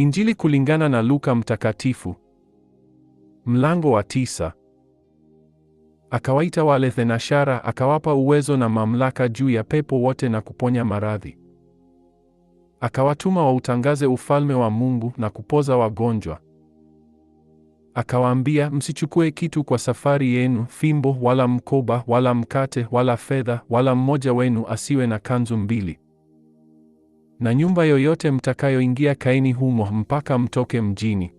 Injili kulingana na Luka Mtakatifu, mlango wa tisa. Akawaita wale thenashara, akawapa uwezo na mamlaka juu ya pepo wote na kuponya maradhi. Akawatuma wautangaze ufalme wa Mungu na kupoza wagonjwa. Akawaambia, msichukue kitu kwa safari yenu, fimbo wala mkoba wala mkate wala fedha, wala mmoja wenu asiwe na kanzu mbili na nyumba yoyote mtakayoingia kaeni humo mpaka mtoke mjini.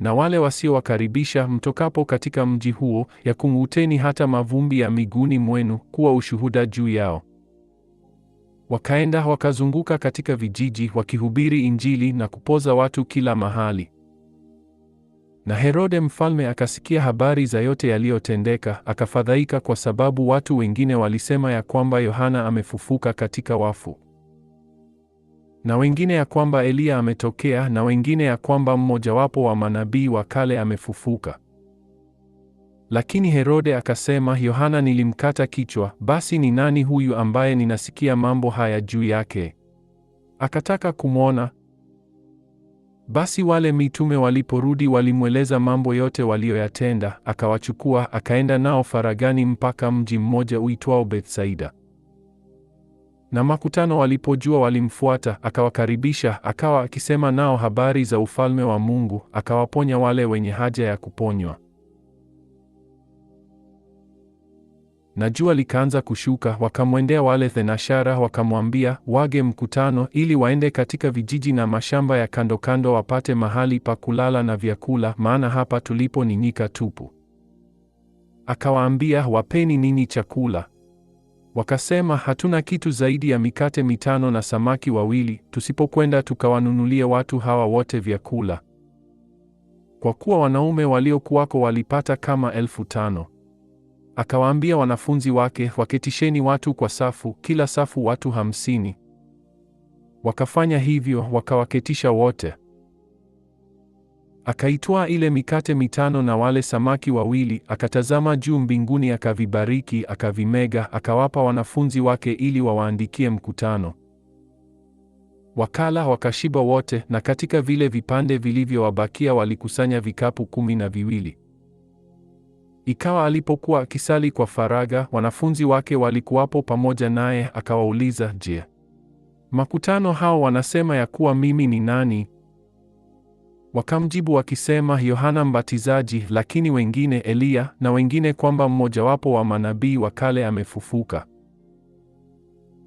Na wale wasiowakaribisha mtokapo katika mji huo, yakung'uteni hata mavumbi ya miguuni mwenu kuwa ushuhuda juu yao. Wakaenda wakazunguka katika vijiji wakihubiri Injili na kupoza watu kila mahali. Na Herode mfalme akasikia habari za yote yaliyotendeka, akafadhaika kwa sababu watu wengine walisema ya kwamba Yohana amefufuka katika wafu na wengine ya kwamba Eliya ametokea, na wengine ya kwamba mmojawapo wa manabii wa kale amefufuka. Lakini Herode akasema, Yohana nilimkata kichwa, basi ni nani huyu ambaye ninasikia mambo haya juu yake? Akataka kumwona. Basi wale mitume waliporudi walimweleza mambo yote waliyoyatenda, akawachukua akaenda nao faragani mpaka mji mmoja uitwao Bethsaida. Na makutano walipojua walimfuata, akawakaribisha, akawa akisema nao habari za ufalme wa Mungu, akawaponya wale wenye haja ya kuponywa. Na jua likaanza kushuka, wakamwendea wale thenashara, wakamwambia wage mkutano, ili waende katika vijiji na mashamba ya kando kando, wapate mahali pa kulala na vyakula, maana hapa tulipo ni nyika tupu. Akawaambia, wapeni ninyi chakula. Wakasema, hatuna kitu zaidi ya mikate mitano na samaki wawili, tusipokwenda tukawanunulia watu hawa wote vyakula. Kwa kuwa wanaume waliokuwako walipata kama elfu tano. Akawaambia wanafunzi wake, waketisheni watu kwa safu, kila safu watu hamsini. Wakafanya hivyo, wakawaketisha wote. Akaitwaa ile mikate mitano na wale samaki wawili, akatazama juu mbinguni, akavibariki, akavimega, akawapa wanafunzi wake ili wawaandikie mkutano. Wakala wakashiba wote, na katika vile vipande vilivyowabakia walikusanya vikapu kumi na viwili. Ikawa alipokuwa akisali kwa faraga, wanafunzi wake walikuwapo pamoja naye, akawauliza, Je, makutano hao wanasema ya kuwa mimi ni nani? Wakamjibu wakisema, Yohana Mbatizaji, lakini wengine Eliya, na wengine kwamba mmojawapo wa manabii wa kale amefufuka.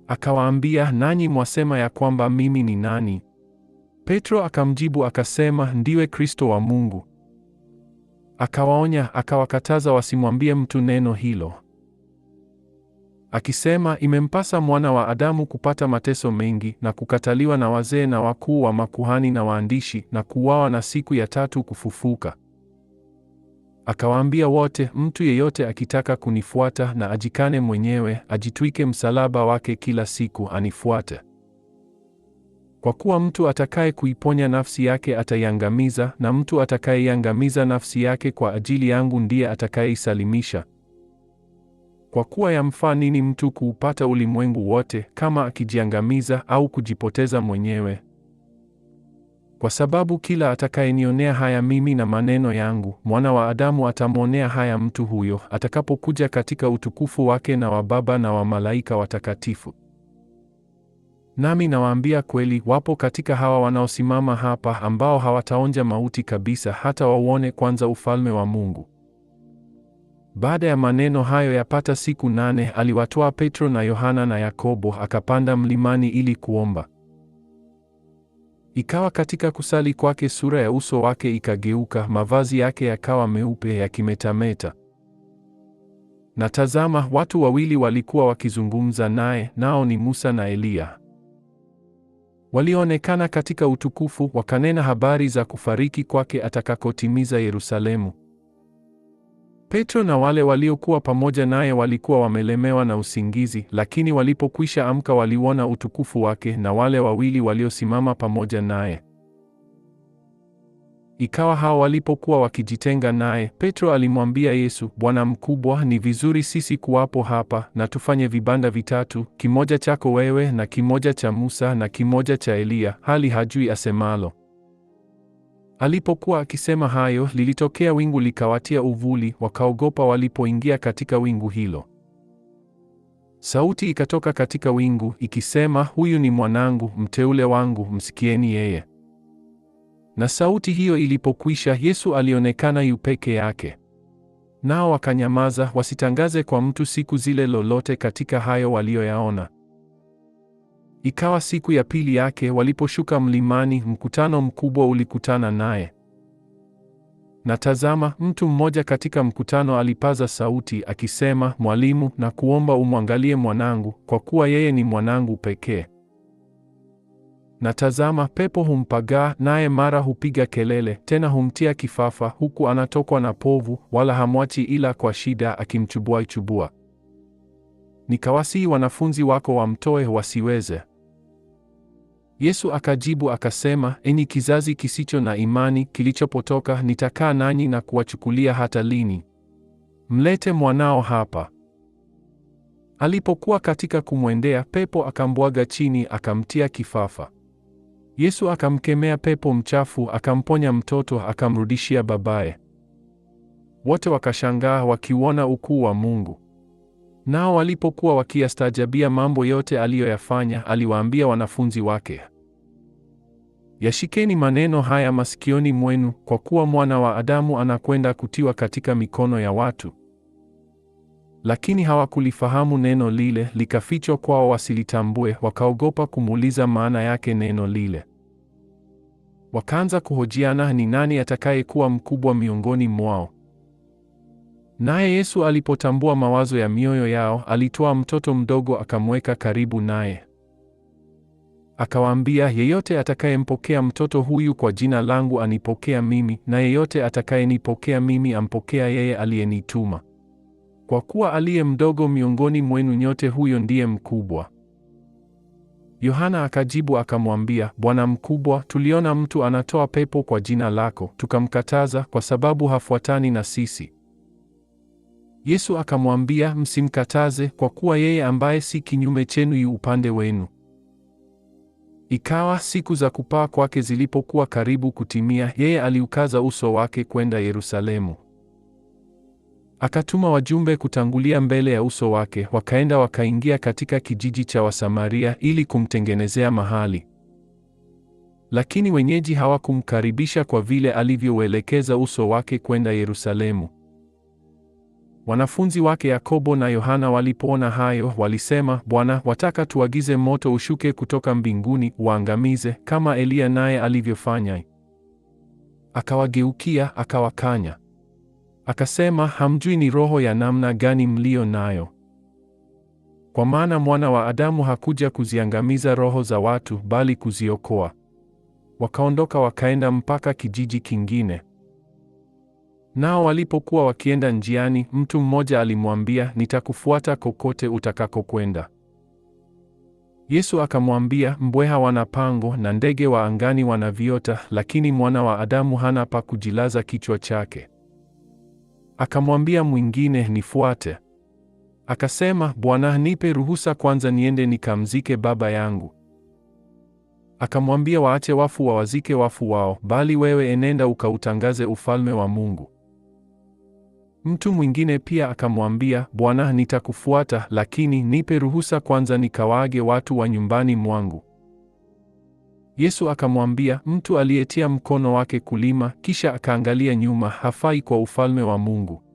Akawaambia, nanyi mwasema ya kwamba mimi ni nani? Petro akamjibu akasema, ndiwe Kristo wa Mungu. Akawaonya, akawakataza wasimwambie mtu neno hilo akisema imempasa mwana wa Adamu kupata mateso mengi na kukataliwa na wazee na wakuu wa makuhani na waandishi na kuuawa na siku ya tatu kufufuka. Akawaambia wote, mtu yeyote akitaka kunifuata na ajikane mwenyewe, ajitwike msalaba wake kila siku, anifuate. Kwa kuwa mtu atakaye kuiponya nafsi yake ataiangamiza, na mtu atakayeiangamiza nafsi yake kwa ajili yangu ndiye atakayeisalimisha. Kwa kuwa yamfaa nini mtu kuupata ulimwengu wote, kama akijiangamiza au kujipoteza mwenyewe? Kwa sababu kila atakayenionea haya mimi na maneno yangu, mwana wa Adamu atamwonea haya mtu huyo, atakapokuja katika utukufu wake na wa Baba na wa malaika watakatifu. Nami nawaambia kweli, wapo katika hawa wanaosimama hapa ambao hawataonja mauti kabisa, hata wauone kwanza ufalme wa Mungu. Baada ya maneno hayo yapata siku nane, aliwatoa Petro na Yohana na Yakobo akapanda mlimani ili kuomba. Ikawa katika kusali kwake, sura ya uso wake ikageuka, mavazi yake yakawa meupe yakimetameta. Na tazama, watu wawili walikuwa wakizungumza naye, nao ni Musa na Eliya walioonekana katika utukufu, wakanena habari za kufariki kwake atakakotimiza Yerusalemu. Petro na wale waliokuwa pamoja naye walikuwa wamelemewa na usingizi, lakini walipokwisha amka waliuona utukufu wake na wale wawili waliosimama pamoja naye. Ikawa hao walipokuwa wakijitenga naye, Petro alimwambia Yesu, Bwana mkubwa, ni vizuri sisi kuwapo hapa, na tufanye vibanda vitatu, kimoja chako wewe, na kimoja cha Musa, na kimoja cha Eliya. Hali hajui asemalo. Alipokuwa akisema hayo, lilitokea wingu likawatia uvuli, wakaogopa walipoingia katika wingu hilo. Sauti ikatoka katika wingu ikisema, huyu ni mwanangu mteule wangu, msikieni yeye. Na sauti hiyo ilipokwisha, Yesu alionekana yu peke yake. Nao wakanyamaza, wasitangaze kwa mtu siku zile lolote katika hayo waliyoyaona. Ikawa siku ya pili yake waliposhuka mlimani, mkutano mkubwa ulikutana naye. Na tazama, mtu mmoja katika mkutano alipaza sauti akisema, Mwalimu, na kuomba umwangalie mwanangu, kwa kuwa yeye ni mwanangu pekee. Na tazama, pepo humpagaa, naye mara hupiga kelele, tena humtia kifafa, huku anatokwa na povu, wala hamwachi ila kwa shida akimchubua chubua. Nikawasihi wanafunzi wako wamtoe, wasiweze. Yesu akajibu akasema, enyi kizazi kisicho na imani kilichopotoka, nitakaa nanyi na kuwachukulia hata lini? Mlete mwanao hapa. Alipokuwa katika kumwendea, pepo akambwaga chini, akamtia kifafa. Yesu akamkemea pepo mchafu, akamponya mtoto, akamrudishia babaye. Wote wakashangaa wakiuona ukuu wa Mungu. Nao walipokuwa wakiyastaajabia mambo yote aliyoyafanya, aliwaambia wanafunzi wake, yashikeni maneno haya masikioni mwenu, kwa kuwa mwana wa Adamu anakwenda kutiwa katika mikono ya watu. Lakini hawakulifahamu neno lile, likafichwa kwao wasilitambue, wakaogopa kumuuliza maana yake neno lile. Wakaanza kuhojiana ni nani atakayekuwa mkubwa miongoni mwao. Naye Yesu alipotambua mawazo ya mioyo yao, alitoa mtoto mdogo akamweka karibu naye. Akawaambia, yeyote atakayempokea mtoto huyu kwa jina langu anipokea mimi, na yeyote atakayenipokea mimi ampokea yeye aliyenituma. Kwa kuwa aliye mdogo miongoni mwenu nyote, huyo ndiye mkubwa. Yohana akajibu akamwambia, Bwana mkubwa, tuliona mtu anatoa pepo kwa jina lako, tukamkataza kwa sababu hafuatani na sisi. Yesu akamwambia, msimkataze, kwa kuwa yeye ambaye si kinyume chenu yu upande wenu. Ikawa siku za kupaa kwake zilipokuwa karibu kutimia, yeye aliukaza uso wake kwenda Yerusalemu. Akatuma wajumbe kutangulia mbele ya uso wake, wakaenda wakaingia katika kijiji cha Wasamaria ili kumtengenezea mahali. Lakini wenyeji hawakumkaribisha kwa vile alivyouelekeza uso wake kwenda Yerusalemu. Wanafunzi wake Yakobo na Yohana walipoona hayo, walisema, Bwana, wataka tuagize moto ushuke kutoka mbinguni uangamize kama Eliya naye alivyofanya? Akawageukia akawakanya, akasema, hamjui ni roho ya namna gani mliyo nayo, kwa maana mwana wa Adamu hakuja kuziangamiza roho za watu, bali kuziokoa. Wakaondoka wakaenda mpaka kijiji kingine. Nao walipokuwa wakienda njiani, mtu mmoja alimwambia, nitakufuata kokote utakakokwenda. Yesu akamwambia, mbweha wana pango na ndege wa angani wana viota, lakini mwana wa Adamu hana pa kujilaza kichwa chake. Akamwambia mwingine, nifuate. Akasema, Bwana, nipe ruhusa kwanza niende nikamzike baba yangu. Akamwambia, waache wafu wawazike wafu wao, bali wewe enenda ukautangaze ufalme wa Mungu. Mtu mwingine pia akamwambia, Bwana, nitakufuata, lakini nipe ruhusa kwanza nikawaage watu wa nyumbani mwangu. Yesu akamwambia, mtu aliyetia mkono wake kulima kisha akaangalia nyuma hafai kwa ufalme wa Mungu.